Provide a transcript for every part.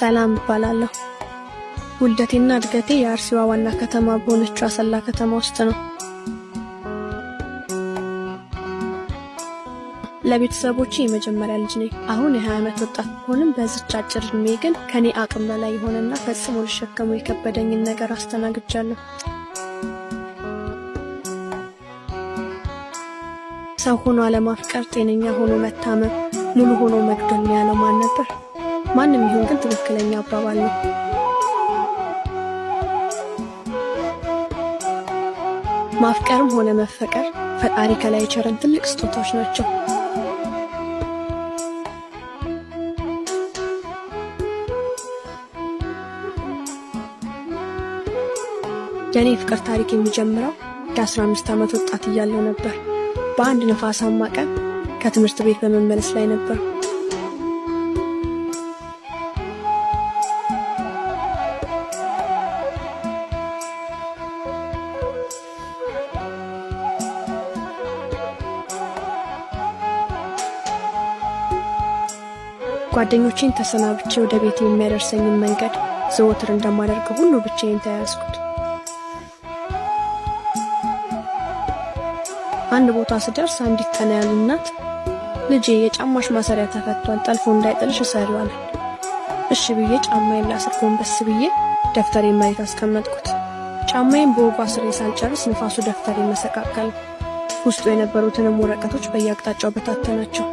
ሰላም እባላለሁ። ውልደቴና እድገቴ የአርሲዋ ዋና ከተማ በሆነችው አሰላ ከተማ ውስጥ ነው። ለቤተሰቦች የመጀመሪያ ልጅ ነኝ። አሁን የ20 ዓመት ወጣት ሆንም በዝች አጭር እድሜ ግን ከኔ አቅም በላይ የሆነና ፈጽሞ ልሸከሙ የከበደኝን ነገር አስተናግጃለሁ። ሰው ሆኖ አለማፍቀር፣ ጤነኛ ሆኖ መታመም፣ ሙሉ ሆኖ መግደል ያለው ማን ነበር? ማንም ይሁን ግን ትክክለኛ አባባል ነው። ማፍቀርም ሆነ መፈቀር ፈጣሪ ከላይ የቸረን ትልቅ ስጦታዎች ናቸው። የእኔ ፍቅር ታሪክ የሚጀምረው የ15 ዓመት ወጣት እያለው ነበር። በአንድ ነፋሳማ ቀን ከትምህርት ቤት በመመለስ ላይ ነበር። ጓደኞቼን ተሰናብቼ ወደ ቤት የሚያደርሰኝን መንገድ ዘወትር እንደማደርገው ሁሉ ብቻዬን ተያያዝኩት። አንድ ቦታ ስደርስ አንዲት ጠና ያሉ እናት ልጄ የጫማሽ ማሰሪያ ተፈቷል፣ ጠልፎ እንዳይጥልሽ እሰሪው እሺ ብዬ ጫማ ላስር ጎንበስ ብዬ ደብተሬን መሬት አስቀመጥኩት። ጫማዬን በወጓ ስሬ ሳልጨርስ ንፋሱ ደብተሬን መሰቃቀለ። ውስጡ የነበሩትንም ወረቀቶች በየአቅጣጫው በታተናቸው።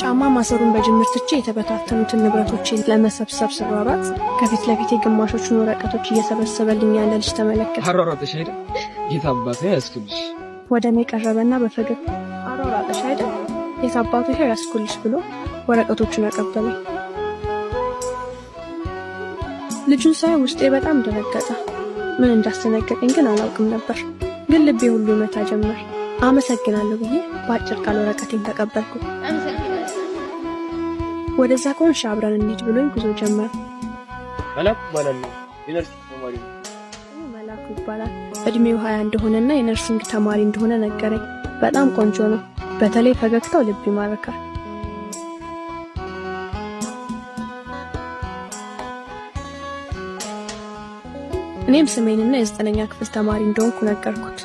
ጫማ ማሰሩን በጅምር ትቼ የተበታተኑትን ንብረቶች ለመሰብሰብ ስሯሯጥ ከፊት ለፊት የግማሾቹን ወረቀቶች እየሰበሰበልኝ ያለ ልጅ ተመለከተ። አሯሯጠሽ አይደል? የት አባቱ ያስኩልሽ ወደ እኔ ቀረበና በፈገግ አሯሯጠሽ አይደል? የት አባቱ ያስኩልሽ ብሎ ወረቀቶቹን አቀበለ። ልጁን ሳይ ውስጤ በጣም ደነገጠ። ምን እንዳስደነገጠኝ ግን አላውቅም ነበር። ግን ልቤ ሁሉ ይመታ ጀመር። አመሰግናለሁ ብዬ በአጭር ቃል ወረቀቴን ተቀበልኩ። ወደዛ ከሆንሽ አብረን እንሂድ ብሎኝ ጉዞ ጀመር። መላኩ ይባላል ነው የነርሲንግ ተማሪ ነው። መላኩ ይባላል። እድሜው ሀያ እንደሆነና የነርሲንግ ተማሪ እንደሆነ ነገረኝ። በጣም ቆንጆ ነው። በተለይ ፈገግታው ልብ ይማርካል። እኔም ስሜንና የዘጠነኛ ክፍል ተማሪ እንደሆንኩ ነገርኩት።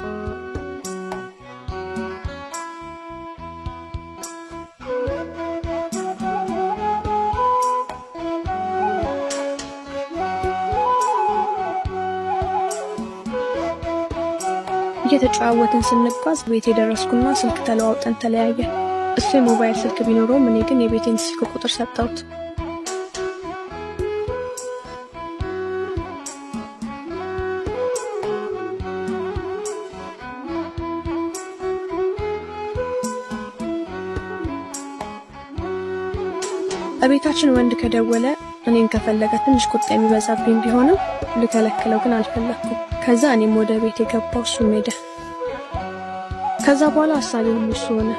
እየተጨዋወትን ስንጓዝ ቤት የደረስኩና ስልክ ተለዋውጠን ተለያየ። እሱ የሞባይል ስልክ ቢኖረውም እኔ ግን የቤቴን ስልክ ቁጥር ሰጠሁት። እቤታችን ወንድ ከደወለ እኔን ከፈለገ ትንሽ ቁጣ የሚበዛብኝ ቢሆንም ልከለክለው ግን አልፈለግኩም። ከዛ እኔም ወደ ቤት የገባው እሱም ሄደ። ከዛ በኋላ አሳቢ ሁሉ እሱ ሆነ።